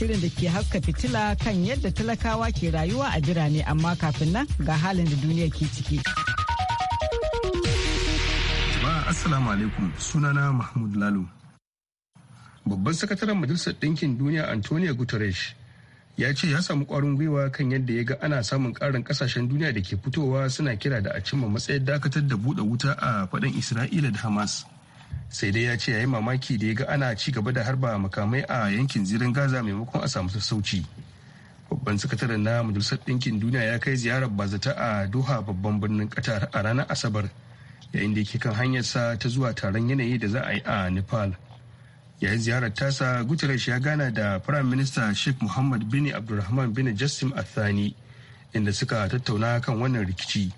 shirin da ke haska fitila kan yadda talakawa ke rayuwa a birane amma kafin nan ga halin da duniya ke ciki. Assalamu alaikum sunana Mahmud Lalo. Babban sakataren Majalisar Ɗinkin Duniya Antonio Guterres ya ce ya samu ƙwarin gwiwa kan yadda ya ga ana samun ƙarin ƙasashen duniya da ke fitowa suna kira da a cimma matsayin dakatar da buɗe wuta a faɗin Isra'ila da Hamas. sai dai ya ce yayi mamaki da ya ga ana ci gaba da harba makamai a yankin zirin gaza maimakon a samu sassauci babban sakataren na majalisar ɗinkin duniya ya kai ziyarar bazata a doha babban birnin qatar a ranar asabar yayin da yake kan hanyarsa ta zuwa taron yanayi da za a yi a nepal yayin ziyarar tasa guterres ya gana da firayim minista sheikh muhammad bin abdulrahman bin jassim athani inda suka tattauna kan wannan rikici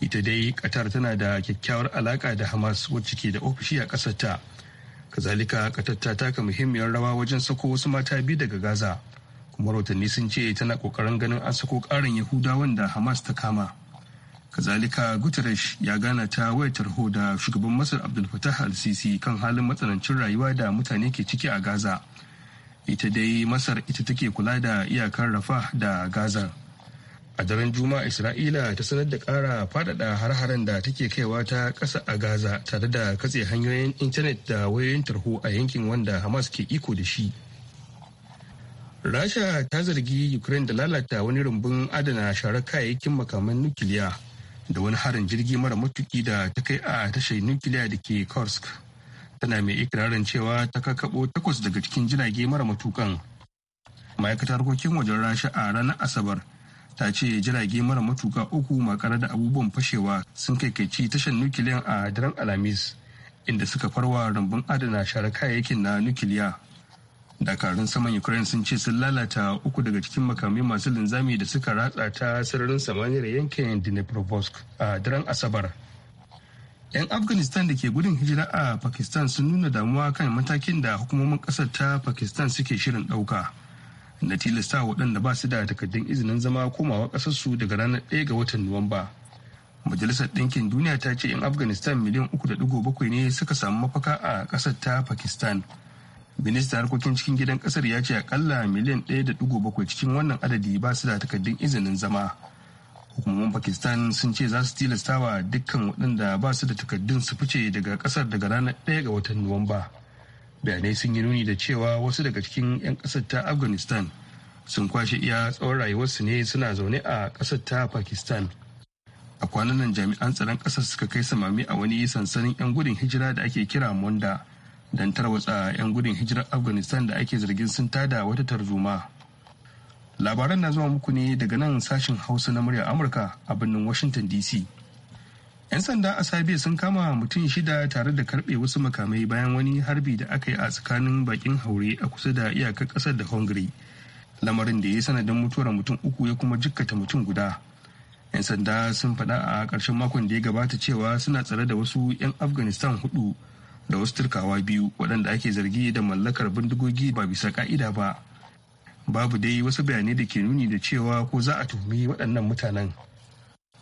ita dai qatar tana da kyakkyawar alaka da hamas wacce ke da ofishi a ƙasarta ta kazalika qatar ta taka muhimmiyar rawa wajen sako wasu mata biyu daga gaza kuma rahotanni sun ce tana kokarin ganin an sako karin yahudawan da hamas ta kama kazalika guterres ya gana ta waya tarho da shugaban masar abdul fatah al-sisi kan halin matsanancin rayuwa da mutane ke ciki a gaza ita dai masar ita take kula da iyakar rafah da gaza a daren juma'a isra'ila ta sanar da ƙara faɗaɗa har-haren da take kaiwa ta ƙasa a gaza tare da katse hanyoyin intanet da wayoyin tarho a yankin wanda hamas ke iko da shi rasha ta zargi ukraine da lalata wani rumbun adana sharar kayayyakin makaman nukiliya da wani harin jirgi mara matuki da ta kai a tashar nukiliya da ke kursk tana mai ikirarin cewa ta kakabo takwas daga cikin jirage mara matukan ma'aikatar harkokin wajen rasha a ranar asabar ta ce jirage mara matuka uku makara da abubuwan fashewa sun kaikaici tashar nukiliyan a daren alhamis inda suka farwa rambun adana share kayayyakin na nukiliya dakarun saman ukraine sun ce sun lalata uku daga cikin makamai masu linzami da suka ratsa ta sararin samaniyar yankin dnipropetrovsk a daren asabar 'yan afghanistan da ke gudun hijira a pakistan sun nuna damuwa kan matakin da hukumomin kasar ta pakistan suke shirin dauka. na tilasta waɗanda ba su da takardun izinin zama komawa ƙasarsu daga ranar 1 ga watan Nuwamba. Majalisar Ɗinkin Duniya ta ce 'yan Afghanistan miliyan 3.7 ne suka samu mafaka a ƙasar ta Pakistan. Ministan harkokin cikin gidan ƙasar ya ce akalla miliyan 1.7 cikin wannan adadi ba su da takardun izinin zama. Hukumomin Pakistan sun ce za su tilasta dukkan waɗanda ba su da takardun su fice daga ƙasar daga ranar 1 ga watan Nuwamba. bayanai sun yi nuni da cewa wasu daga cikin 'yan ƙasar ta afghanistan sun kwashe iya tsawon rayuwarsu ne suna zaune a ƙasar ta pakistan a kwanan nan jami'an tsaron ƙasar suka kai samami a wani sansanin 'yan gudun hijira da ake kira monda don tarwatsa 'yan gudun hijirar afghanistan da ake zargin sun tada wata tarzoma labaran na zuwa muku ne daga nan sashen hausa na murya amurka a birnin washington dc 'yan sanda a sabe sun kama mutum shida tare da karbe wasu makamai bayan wani harbi da aka yi a tsakanin bakin haure a kusa da iyakar kasar da hungary lamarin da ya sanadin mutuwar mutum uku ya kuma jikkata mutum guda 'yan sanda sun faɗa a ƙarshen makon da ya gabata cewa suna tsare da wasu 'yan afghanistan hudu da wasu turkawa biyu waɗanda ake zargi da mallakar bindigogi ba bisa ka'ida ba babu dai wasu bayanai da ke nuni da cewa ko za a tuhumi waɗannan mutanen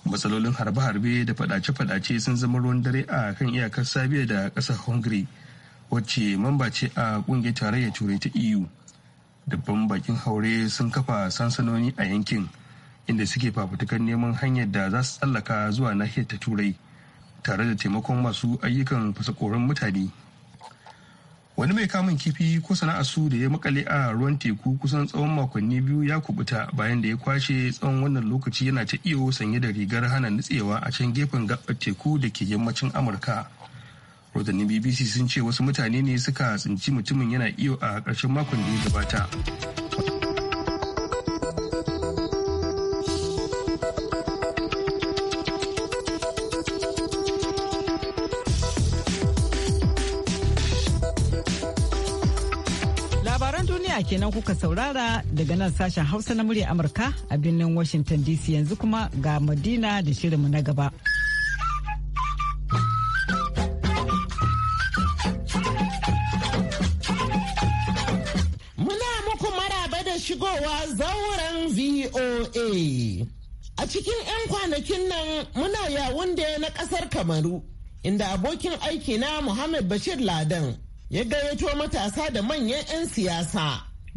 matsalolin harbe-harbe da fadace-fadace sun zama ruwan dare a kan iyakar sabiya da ƙasa hungary wacce mamba ce a ƙungiyar tarayyar turai ta eu dabban bakin haure sun kafa sansanoni a yankin inda suke fafutukan neman hanyar da za su tsallaka zuwa nahiyar ta turai tare da taimakon masu ayyukan fasakorin mutane wani mai kamun kifi ko sana'ar su da ya makale a ruwan teku kusan tsawon makonni biyu ya kubuta bayan da ya kwashe tsawon wannan lokaci yana ta iyo sanye da rigar hana nutsewa a can gefen gabar teku da ke yammacin amurka rodannin bbc sun ce wasu mutane ne suka tsinci mutumin yana iyo a ƙarshen makon da ya gabata kenan kuka saurara daga nan sashen Hausa na murya Amurka a birnin Washington DC yanzu kuma ga Madina da shirinmu na gaba. Muna muku maraba da shigowa zauren VOA. A cikin 'yan kwanakin nan muna yawun da na kasar Kamaru, inda abokin aiki na Muhammad Bashir Ladan ya gayyato matasa da manyan 'yan siyasa.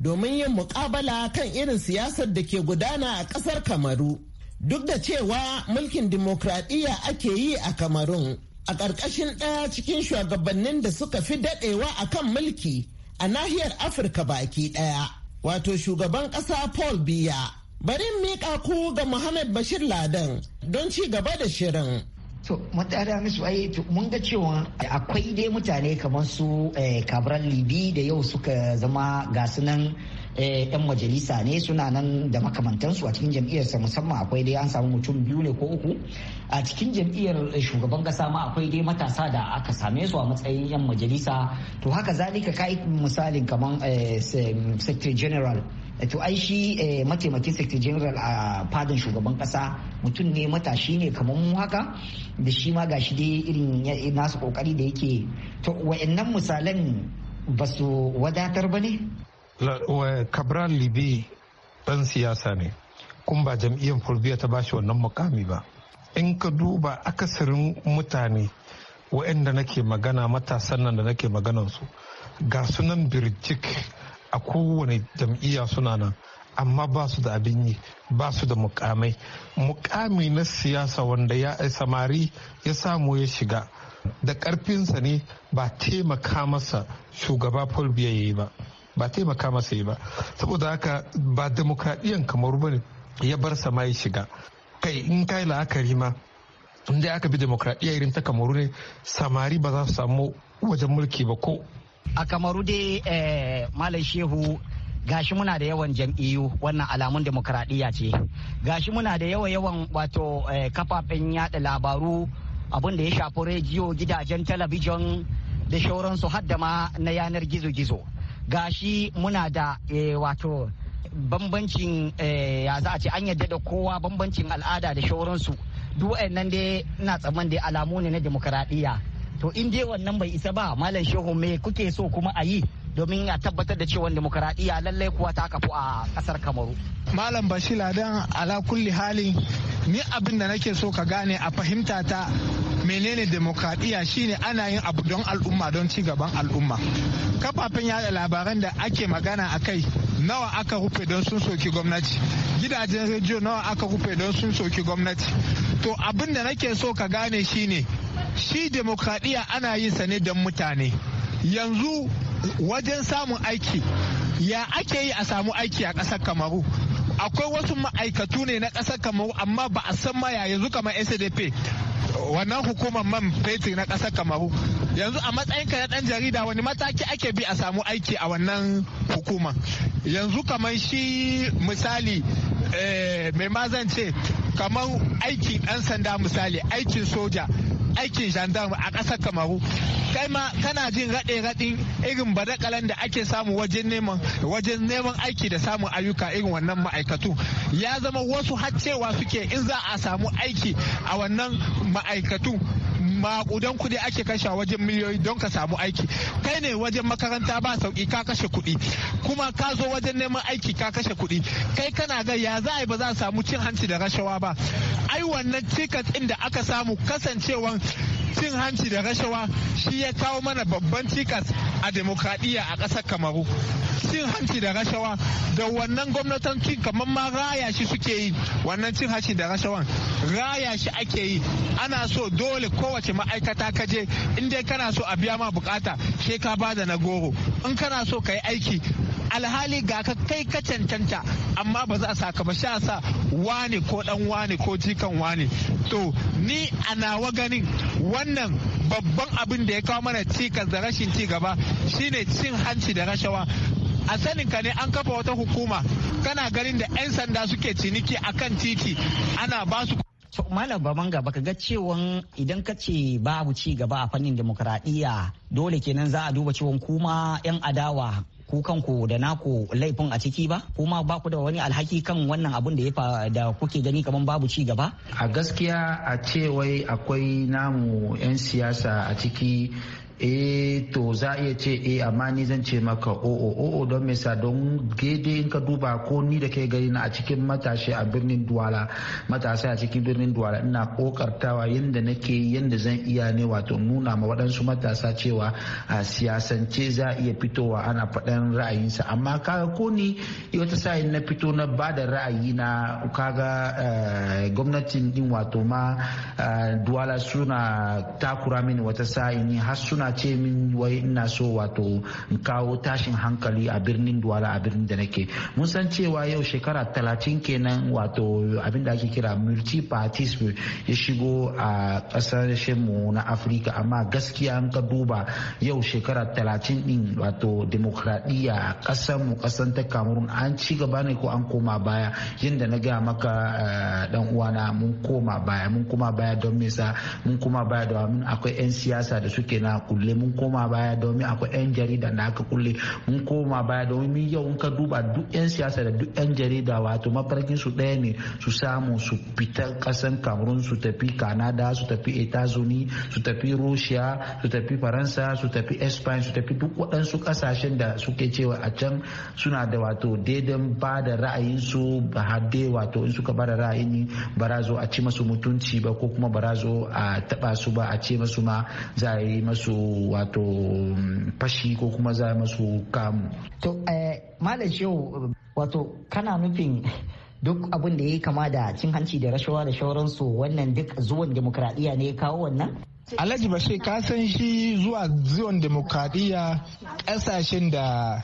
domin yin mukabala kan irin siyasar da ke gudana a ƙasar kamaru duk da cewa mulkin dimokuraɗiyya ake yi a kamarun a ƙarƙashin ɗaya cikin shugabannin da suka fi daɗewa a kan mulki a nahiyar afirka baki ɗaya wato shugaban ƙasa paul biya bari miƙa ku ga muhammad bashir ladan don ci gaba da shirin to musu ai mun ga cewa akwai dai mutane kamar su kabran eh, libi da yau suka zama gasu nan yan eh, majalisa ne suna nan da makamantansu a cikin jam'iyyarsa musamman akwai dai an samu mutum biyu ne ko uku a cikin jam'iyyar eh, shugaban kasa ma akwai dai matasa da aka same su a matsayin yan majalisa to haka zalika ka misalin kamar secretary general Eh, to ai shi eh, mataimakin secretary general a fadin shugaban kasa mutum ne matashi ne kamar mu haka da shi ma gashi dai irin nasu kokari da yake to wa'annan misalan ba su wadatar ba ne kabral libi dan siyasa ne kun ba jam'iyyar fulbiya ta bashi wannan mukami ba in ka duba akasarin mutane waɗanda nake magana matasan nan da nake maganan ga sunan birjik a kowane jam'iyya suna nan amma ba su da abin yi ba su da mukamai mukami na siyasa wanda ya samari ya samu ya shiga da karfinsa ne ba taimaka masa shugaba paul biya ya yi ba ba taimaka masa yi ba saboda haka ba demokradiyyar kamar bane ya bar sama ya shiga kai in kai la'akari ma inda aka bi demokradiyya irin ta kamaru ne samari ba za su samu wajen mulki ba ko a kamaru dai eh, malam shehu gashi muna da yawan jam'iyyu wannan alamun demokradiyya ce gashi muna da yawa yawan wato eh, kafafen yada labaru abin da ya shafi rediyo gidajen talabijin da shauransu hadda ma na yanar gizo-gizo gashi muna da eh, wato bambancin ya za a ce an yadda da kowa bambancin al'ada da shauransu duk nan dai ina tsamman da alamu ne na demokradiyya to in dai wannan bai isa ba malam shehu me kuke so kuma a yi domin a tabbatar da cewa demokaradiyya lallai kuwa ta kafu a kasar kamaru malam bashir ladan ala kulli halin ni abin da nake so ka gane a fahimta ta menene demokradiyya shine ana yin abu don al'umma don ci gaban al'umma kafafen yada labaran da ake magana a kai nawa aka rufe don sun soki gwamnati gidajen rediyo nawa aka rufe don sun soki gwamnati to abin da nake so ka gane shine shi demokradiyya ana yin sa ne don mutane yanzu wajen samun aiki ya ake yi a samu aiki a ƙasar kamaru akwai wasu ma'aikatu ne na ƙasar kamaru amma ba a san ma yanzu kamar sdp wannan hukumar man fetur na ƙasar kamaru yanzu a matsayin ka na ɗan jarida wani mataki ake bi a samu aiki a wannan hukuma yanzu kamar shi misali eh, mai ma zan ce kamar aiki ɗan sanda misali aikin soja aikin gendarme a ƙasar kamaru kai ma kana jin raɗe raɗin irin badakalan da ake samu wajen neman aiki da samun ayyuka irin wannan ma'aikatu ya zama wasu har suke in za a samu aiki a wannan ma'aikatu maƙudan kuɗi ake kashe wajen miliyoyi don ka samu aiki kai ne wajen makaranta ba sauki ka kashe kuɗi kuma ka zo wajen neman aiki ka kashe kuɗi kai kana ga ya za a yi ba za a samu cin hanci da rashawa ba ai wannan cikas ɗin da aka samu kasancewan cin hanci da rashawa shi ya kawo mana babban cikas a demokradiyya a ƙasar kamaru cin hanci da rashawa da wannan gwamnatoncin kamar ma raya shi suke yi wannan cin hanci da rashawan raya shi ake yi ana so dole kowace ma'aikata ka je in dai kana so a biya ma bukata sai ka bada na goro in kana so ka yi aiki alhali ga ka kai ka cancanta amma ba za a saka ba sha sa wane ko dan wane ko jikan wane to ni a nawa ganin wannan babban abin da ya kawo mana cikas da rashin ci gaba shine cin hanci da rashawa a sanin ka ne an kafa wata hukuma kana ganin da 'yan sanda suke ciniki akan titi ana ba su to malam baban gaba ka ga cewa idan ka ce babu ci gaba a fannin demokradiyya dole kenan za a duba cewa kuma yan adawa ku kanku da naku laifin a ciki ba kuma ba ku da wani alhaki kan wannan abun da ya da kuke gani kaman babu ci gaba a gaskiya a ce wai akwai namu 'yan siyasa a ciki eh to za iya ce e amma ni zan ce maka o'o oh, o'o oh, oh, don me don gede in ka duba ko ni da kai gari na a cikin matashi a birnin Duwala matasa a cikin birnin Duwala ina kokartawa yanda nake yanda zan iya ne wato nuna ma waɗansu matasa cewa a siyasance za iya fitowa ana faɗan ra'ayinsa amma kaga ko ni wata sa na fito na ba da ra'ayi na kaga eh, gwamnatin din wato ma eh, Duwala suna takura mini wata sa'in har suna ce min wai ina so wato in kawo tashin hankali a birnin Duwala a birnin da nake mun san cewa yau shekara talatin kenan wato abin da ake kira multi parties ya shigo a kasashen mu na Afirka amma gaskiya an ka duba yau shekara talatin din wato demokradiyya a kasar mu kasar ta Cameroon an ci gaba ne ko an koma baya yadda na gaya maka dan eh, uwana mun koma baya mun koma baya don mesa mun koma baya domin akwai 'yan siyasa da suke na kulle mun koma koma baya domin akwai 'yan jarida da aka kulle mun koma baya domin yau in ka duba duk 'yan siyasa da duk 'yan jarida wato mafarkin su ɗaya ne su samu su fita kasan cameroon su tafi kanada su tafi etazuni su tafi russia su tafi faransa su tafi espain su tafi duk waɗansu ƙasashen da suke cewa a can suna da wato daidan ba da ra'ayin su hadde wato in suka ba da ra'ayin barazo zo a ci masu mutunci ba ko kuma bara zo a taba su ba a ce masu ma za a yi masu wato fashi ko kuma za masu kamu. To, eh, Malam Shehu, wato kana nufin duk abin da ya kama da cin hanci da rashawa da shauransu wannan duk zuwan demokradiyya ne ya kawo wannan? Alhaji ba ka san shi zuwa zuwan demokradiyya kasashen da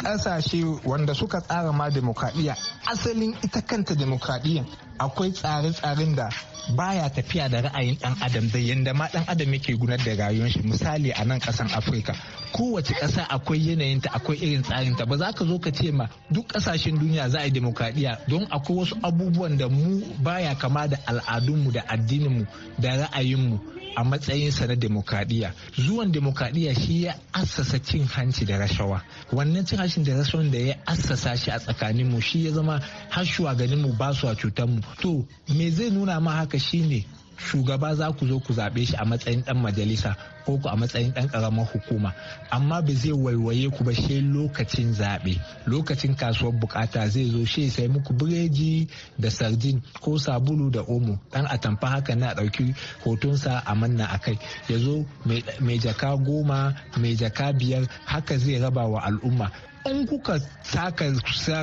kasashe wanda suka tsara ma demokradiyya asalin ita kanta demokradiyya akwai tsare-tsaren da baya tafiya da ra'ayin dan adam da yanda ma dan adam yake gunar da rayuwar shi misali a nan kasan afirka kowace ƙasa akwai yanayinta akwai irin tsarinta ba za ka zo ka ce ma duk ƙasashen duniya za a yi demokradiya don akwai wasu abubuwan da mu baya kama da al'adunmu da addininmu da ra'ayinmu a matsayinsa na demokradiya zuwan demokradiya shi ya assasa cin hanci da rashawa wannan cin hancin da rashawan da ya assasa shi a tsakaninmu shi ya zama har ganinmu ba su a cutanmu to me zai nuna ma haka shine shugaba za ku zo ku zaɓe shi a matsayin ɗan majalisa ko ku a matsayin ɗan ƙaramar hukuma amma ba zai waiwaye ku ba shi lokacin zaɓe lokacin kasuwar bukata zai zo shi sai muku bireji da sardin ko sabulu da omo ɗan atamfa haka na ɗauki hotonsa a manna a kai ya zo mai jaka goma mai jaka biyar haka zai raba wa al'umma in kuka saka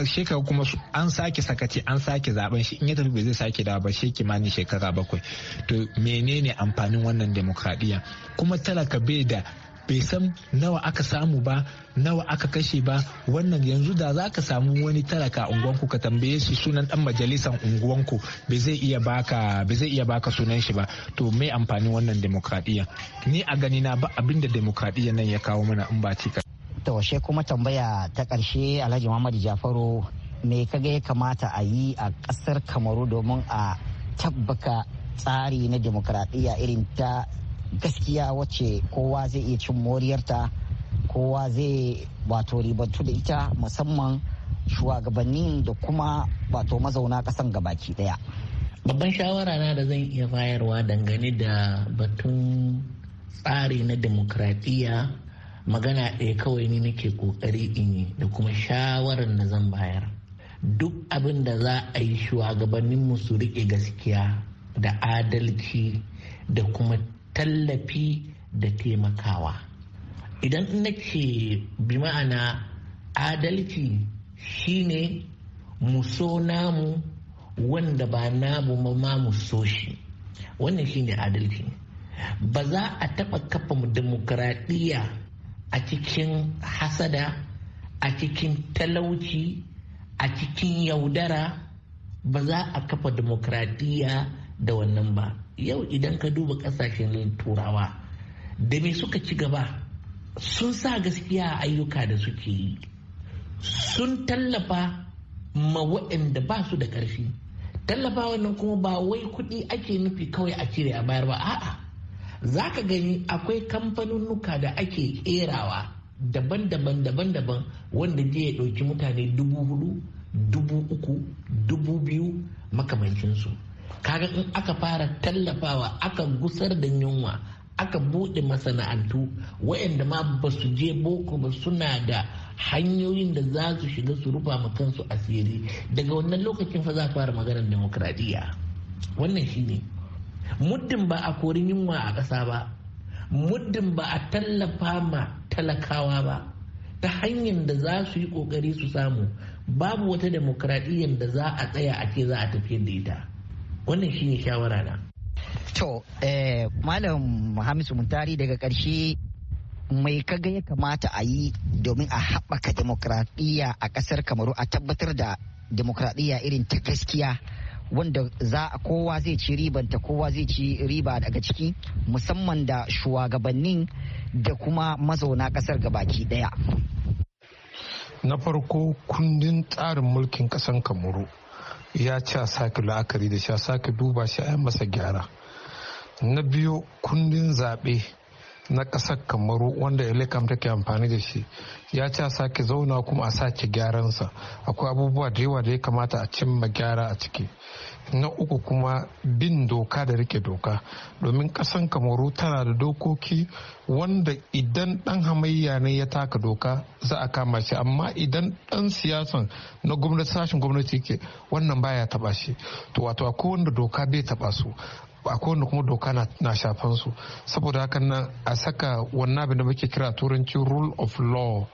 shekara kuma an sake sakaci an sake zaben shi in ya tafi bai zai sake dawa ba shi kimanin shekara bakwai to menene amfanin wannan demokradiyya kuma talaka bai da bai san nawa aka samu ba nawa aka kashe ba wannan yanzu da za ka samu wani talaka unguwanku ka tambaye shi sunan dan majalisan unguwanku bai zai iya baka sunan shi ba to me amfanin wannan demokradiyya ni a gani na ba abinda demokradiyya nan ya kawo mana in ba cika ta washe kuma tambaya ta ƙarshe alhaji muhammadu jafaru me kaga ya kamata a yi a ƙasar kamaru domin a tabbaka tsari na demokradiyya irin ta gaskiya wacce kowa zai iya cin moriyarta kowa zai wato ribantu da ita musamman shugabanni da kuma wato mazauna ƙasan gabaki daya babban shawara na da zan iya bayarwa dangane da batun tsari na demokradiyya magana ɗaya kawai ne nake ƙoƙari in yi da kuma shawarar da zan bayar duk abin da za a yi shugabanninmu su riƙe gaskiya da adalci da kuma tallafi da taimakawa idan na ce bi ma'ana adalci shine muso namu wanda ba namu ma muso shi wannan shine adalci ba za a taɓa kafa demokradiyya a cikin hasada a cikin talauci a cikin yaudara ba za a kafa demokradiyya da wannan ba yau idan ka duba kasashen turawa da me suka ci gaba sun sa gaskiya a ayyuka da suke yi sun tallafa ma waɗanda ba su da ƙarfi tallafa wannan kuma ba wai kuɗi ake nufi kawai a cire a bayar ba a'a za ka gani akwai nuka da ake kerawa daban-daban daban-daban wanda zai ya ɗauki mutane dubu hudu dubu uku dubu biyu makamancinsu kaga in aka fara tallafawa aka gusar da yunwa aka buɗe masana'antu wayanda ma ba su je boko ba suna da hanyoyin da za su shiga su rufa ma kansu asiri daga wannan lokacin fa za fara maganar demokradiyya wannan shine muddin ba a kori yunwa a ƙasa ba muddin ba a tallafa ma talakawa ba ta hanyar da za su yi ƙoƙari su samu babu wata demokradiyyar da za a tsaya a ce za a tafi da ita wannan shine shawara na to eh, malam hamisu muntari daga ƙarshe mai kaga ya kamata a yi domin a haɓaka demokradiyya a ƙasar kamaru a tabbatar da demokradiyya irin ta gaskiya wanda za a kowa zai ci ribanta kowa zai ci riba daga ciki musamman da shugabannin da kuma mazauna kasar gabaki daya na farko kundin tsarin mulkin kasan kamuru ya ci a sake la'akari da shi a sake duba shi a masa gyara na biyu kundin zaɓe na ƙasar kamaru wanda elecam take amfani da shi ya ci a sake zauna kuma a sake gyaran sa akwai abubuwa da yawa da ya kamata a cimma gyara a ciki na uku kuma bin doka da rike doka domin ƙasar kamaru tana da dokoki wanda idan ɗan hamayya ne ya taka doka za a kama shi amma idan ɗan siyasan na gwamnati sashen gwamnati ke wannan baya taba shi to wato akwai wanda doka bai taba su a kowane kuma doka na shafan su saboda hakan nan a saka wannan abin da muke kira turanci rule of law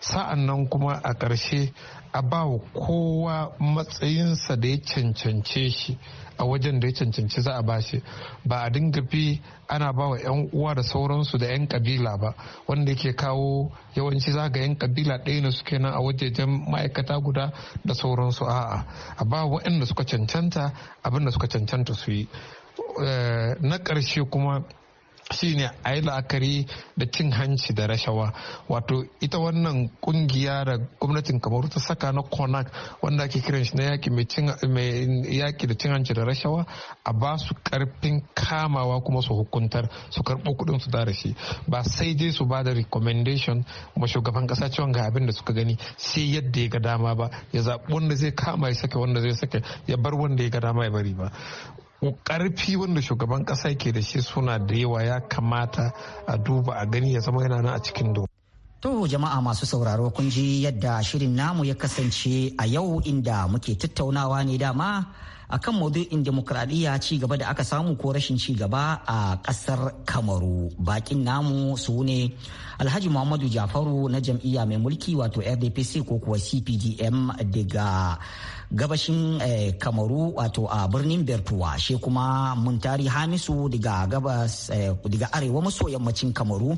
sa'an nan kuma a ƙarshe a ba wa kowa matsayinsa da ya cancance shi a wajen da ya cancanci za a shi ba a dinga fi ana ba wa 'yan uwa da sauransu da 'yan kabila ba wanda ke kawo yawanci za ga 'yan kabila ɗaya na suke nan a wajejen ma'aikata guda da sauransu a'a a ba waɗanda suka cancanta abinda suka cancanta su yi Eh, na ƙarshe kuma shi ne a yi la'akari da cin hanci da rashawa wato ita wannan ƙungiya da gwamnatin kamar ta saka na konak wanda ake kiran shi na yaki mai da cin hanci da rashawa a ba su karfin kamawa kuma su hukuntar su karɓo kuɗin su da shi ba sai dai su ba da recommendation ma shugaban kasa ciwon ga abin da suka gani sai yadda ya ga dama ba ya zaɓi wanda zai kama ya sake wanda zai sake ya bar wanda ya ga dama ya bari ba karfi wanda shugaban kasa ke da shi suna da yawa ya kamata a duba a gani ya zama yana nan a cikin doka. To jama'a masu sauraro kun ji yadda shirin namu ya kasance a yau inda muke tattaunawa ne dama akan maudu'in demokradiyya ci gaba da aka samu ko rashin ci gaba a kasar kamaru bakin namu su ne alhaji muhammadu jafaru na jam'iyya mai mulki wato rdpc ko kuwa cpdm daga gabashin eh, kamaru wato a birnin bertuwa shi kuma muntari hamisu daga gabas eh, daga arewa maso yammacin kamaru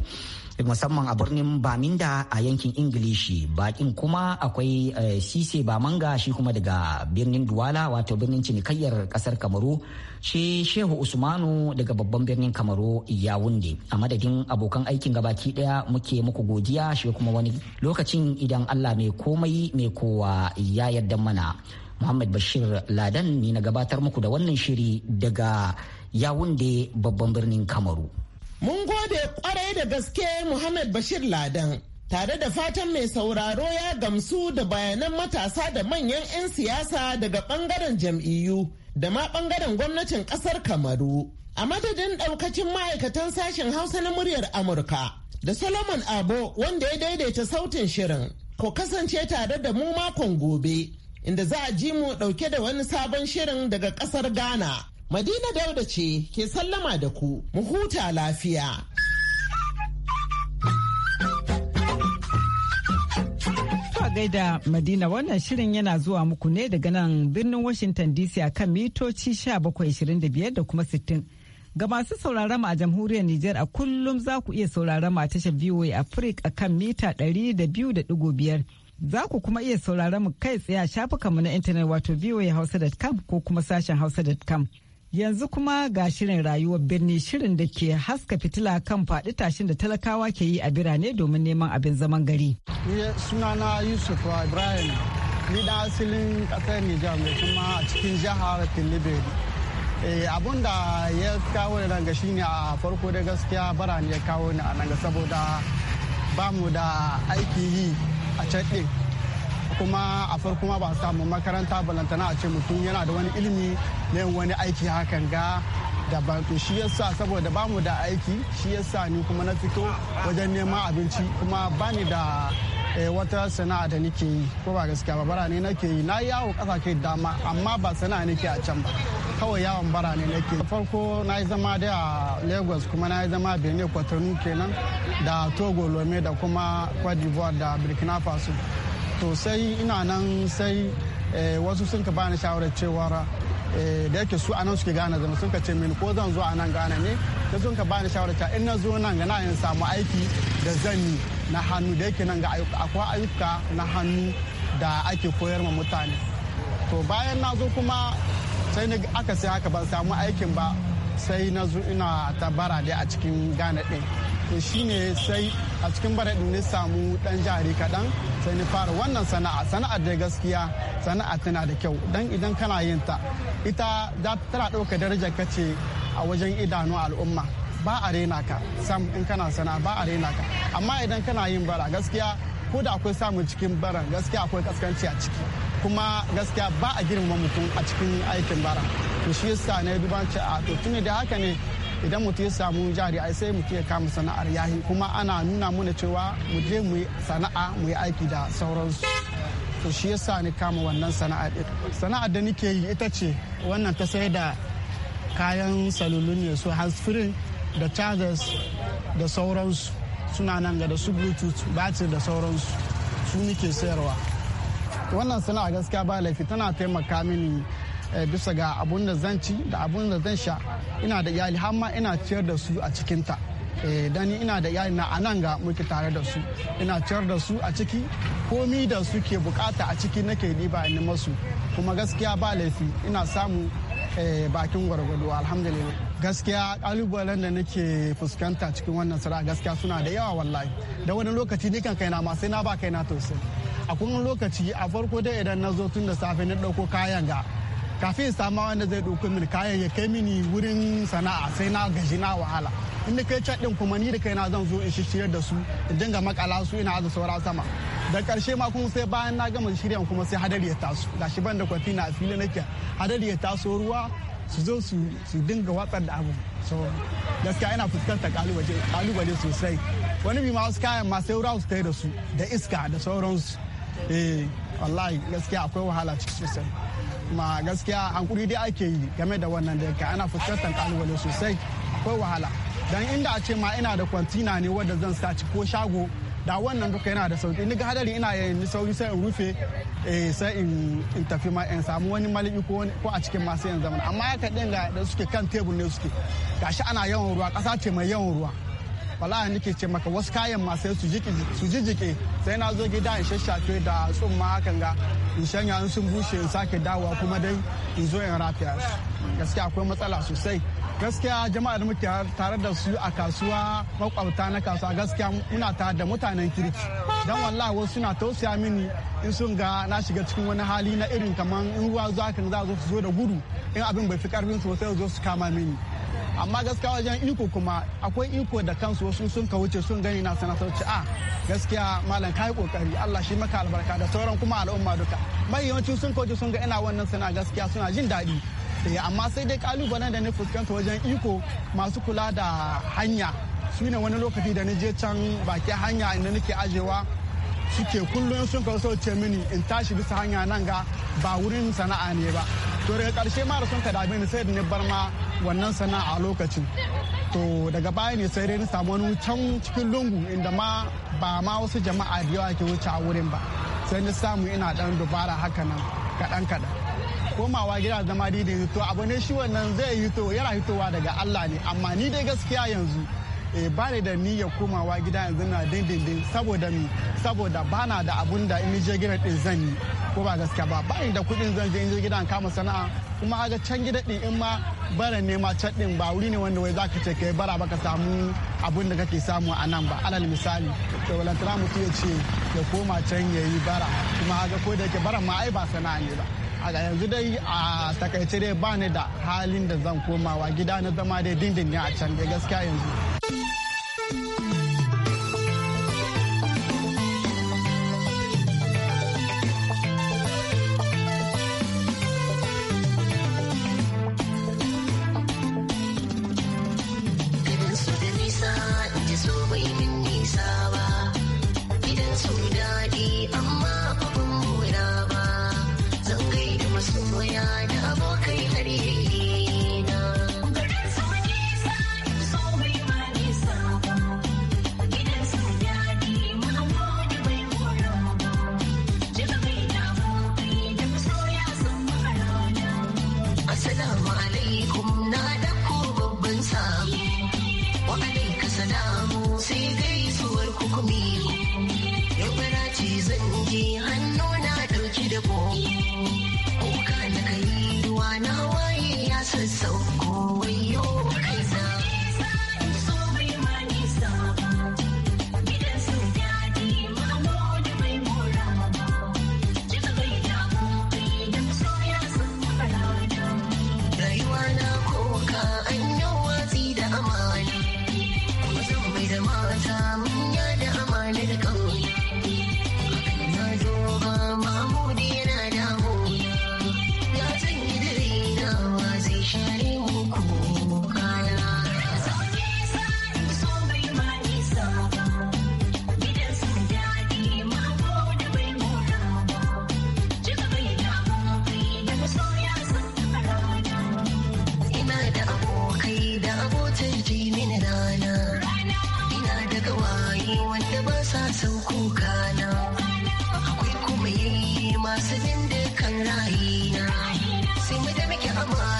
musamman a birnin baminda a yankin ingilishi bakin kuma akwai eh, sise bamanga shi kuma daga birnin duwala wato birnin cinikayyar kasar kamaru shi shehu usmanu daga babban birnin kamaru wunde a madadin abokan aikin gabaki daya muke muku godiya shi kuma wani lokacin idan allah mai komai mai kowa ya yarda mana Muhammad Bashir Ladan ne na gabatar muku da wannan shiri daga Yawunde babban birnin Kamaru. Mun gode kwarai da gaske Muhammad Bashir Ladan. Tare da fatan mai sauraro ya gamsu da bayanan matasa da manyan 'yan siyasa daga bangaren jam'iyyu da ma bangaren gwamnatin kasar Kamaru. A madadin ɗaukacin ma'aikatan sashen Hausa na muryar Amurka da Solomon Abo wanda ya daidaita sautin shirin. Ko kasance tare da mu makon gobe. inda za a ji mu ɗauke da wani sabon shirin daga kasar Ghana. Madina Dauda ce ke sallama da ku, mu huta lafiya. gaida Madina wannan shirin yana zuwa muku ne daga nan birnin Washington DC a kan mitoci 1725 da kuma 60. Ga masu sauraron a jamhuriyar Nijar a kullum za ku iya sauraron a tashar VOA Africa a kan mita 200.5. Za ku kuma iya sauraron mu kai tsaye a shafukanmu na intanet wato voahausa.com ko kuma sashen hausa.com. Yanzu kuma ga shirin rayuwar birni shirin da ke haska fitila kan faɗi tashin da talakawa ke yi a birane domin neman abin zaman gari. Sunana Yusuf Ibrahim, ni da asalin ƙasar Nijar mai kuma a cikin jihar Tilibiri. Eh, abun da ya kawo ni nan shi ne a farko da gaskiya bara ne ya kawo ni a nan saboda ba mu da aiki yi a can ɗin kuma a farko ma ba samu makaranta balantana a ce mutum yana da wani ilimi na wani aiki hakan ga daban to shi yasa saboda bamu da aiki shi yasa ni kuma na fito wajen neman abinci kuma bani da eh, wata sana'a da nake yi ko ba gaskiya ba bara ne nake yi na yawo kasashe dama amma ba sana'a nake a can ba kawai yawon bara ne nake farko na yi zama da a lagos kuma na yi zama benin kwatanu kenan da togo lome da kuma cote d'ivoire da burkina faso to sai ina nan sai eh, wasu sun ka bani shawarar cewa eh, da yake su anan suke gane zama sun ka ce mini ko zan zo anan gane ne ta sun ka bani shawarar cewa in na zo nan ga na samu aiki da zan yi na hannu da yake nan ga akwai ayyuka na hannu da ake koyar ma mutane to bayan na zo kuma sai na aka sai aka ban samu aikin ba sai na zo ina ta bara dai a cikin gane ɗin to shine sai a cikin bara ɗin ne samu ɗan jari kaɗan sai ni fara wannan sana'a sana'a da gaskiya sana'a tana da kyau dan idan kana yin ta ita za tara ɗauka daraja kace ce a wajen idanu al'umma ba a rena ka sam in kana sana'a ba a rena ka amma idan kana yin bara gaskiya ko da akwai samun cikin baran gaskiya akwai kaskanci a ciki kuma gaskiya ba a girma mutum a cikin aikin bara to shi yasa na duba ce a to tuni da haka ne idan mutum ya samu jari ai sai mutum ya kama sana'ar yahi kuma ana nuna mana cewa mu je mu yi sana'a mu yi aiki da sauransu to shi yasa ni kama wannan sana'a sana'ar da nike yi ita ce wannan ta sai da kayan salulu ne su hasfirin da chargers da sauransu suna nan ga da su bluetooth batir da sauransu su nike sayarwa wannan sana'a gaskiya ba laifi tana taimaka mini eh, bisa ga abun da zan ci da abun da zan sha ina da iyali har ma ina ciyar da su a cikinta eh, dani ina da iyali na anan ga muke tare da su ina ciyar da su a ciki komi da su ke bukata a ciki nake riba ni masu kuma gaskiya ba laifi ina samu eh, bakin gwargwado alhamdulillah gaskiya kalubalen da nake fuskanta cikin wannan sana'a gaskiya suna da yawa wallahi da wani lokaci nikan kaina ma sai na ba kaina to sai a kun lokaci a farko dai idan na zo tun da safe na dauko kayan ga kafin sama wanda zai ɗauko min kayan ya kai mini wurin sana'a sai na gaji na wahala in da kai din kuma ni da kai na zan zo in shirya da su in dinga makala su ina da saura sama da karshe ma kuma sai bayan na gama shiryan kuma sai hadari ya taso gashi ban da kwafi na fili nake hadari ya taso ruwa su zo su dinga watsar da abu so gaskiya ina fuskantar kalubale sosai wani bi ma wasu kayan ma sai ruwa su kai da su da iska da sauransu eh wallahi gaskiya akwai wahala ciki sosai ma gaskiya hankuri dai ake yi game da wannan da ka ana fuskantar kalubale sosai akwai wahala dan inda a ce ma ina da kwantina ne wanda zan saci ko shago da wannan duka yana da sauki ni ga hadari ina yin sauri sai in rufe eh, sai in tafi ma in samu wani maliki ko a cikin masu yin zamana amma ya kaɗin da suke kan tebur ne suke gashi ana yawan ruwa kasa ce mai yawan ruwa wala nake ce maka wasu kayan masu sai su jike sai na zo gida in shashafe da ma hakan ga in shanya in sun bushe in sake dawowa kuma dai in zo in rafiya gaskiya akwai matsala sosai gaskiya jama'a da muke tare da su a kasuwa makwabta na kasuwa gaskiya muna tare da mutanen kirki don wallahi wasu suna tausaya mini in sun ga na shiga cikin wani hali na irin kamar in ruwa zuwa kan za zo su zo da gudu in abin bai fi karfin sosai zo su kama mini amma gaskiya wajen iko kuma akwai iko da kansu wasu sun ka wuce sun gani na sanatoci a ah, gaskiya malam kai kokari Allah shi maka albarka da sauran kuma al'umma duka mai yawanci sun ka wuce sun ga ina wannan sana gaskiya suna jin daɗi eh, amma sai dai kalubale da na fuskanta wajen iko masu kula da hanya su ne wani lokaci da na je can baki hanya inda nake ajewa suke kullum sun ka wuce mini in tashi bisa hanya nan ga ba wurin sana'a ne ba to daga karshe ma na sun ka dame sai da ni bar ma wannan sana'a a lokacin to daga baya ne sai dai samu wani can cikin lungu inda ma ba ma wasu jama'a da yawa ke wuce a wurin ba sai ni samu ina dan dubara haka nan kaɗan kaɗan komawa gida zama daidai to abu ne shi wannan zai to yana hitowa daga Allah ne amma ni dai gaskiya yanzu Eh, ba ni da ya komawa gida yanzu na dindindin saboda mi saboda bana da abun da in je gidan din zan yi ko ba gaskiya ba ba da kudin zan je in je gidan kama sana'a kuma ga can gida din in ma bara nema can din ba wuri ne wanda wai zaka ce kai bara baka samu abun da kake samu a nan ba alal misali to tara mutu ya ce ya koma can ya bara kuma ga ko da yake bara ma ai ba sana'a ne ba a yanzu dai a takaice dai ba ni da halin da zan komawa gida na zama dai dindindin a can dai gaskiya yanzu da mata mun yada amanar kan san rahina sai mu da muke amana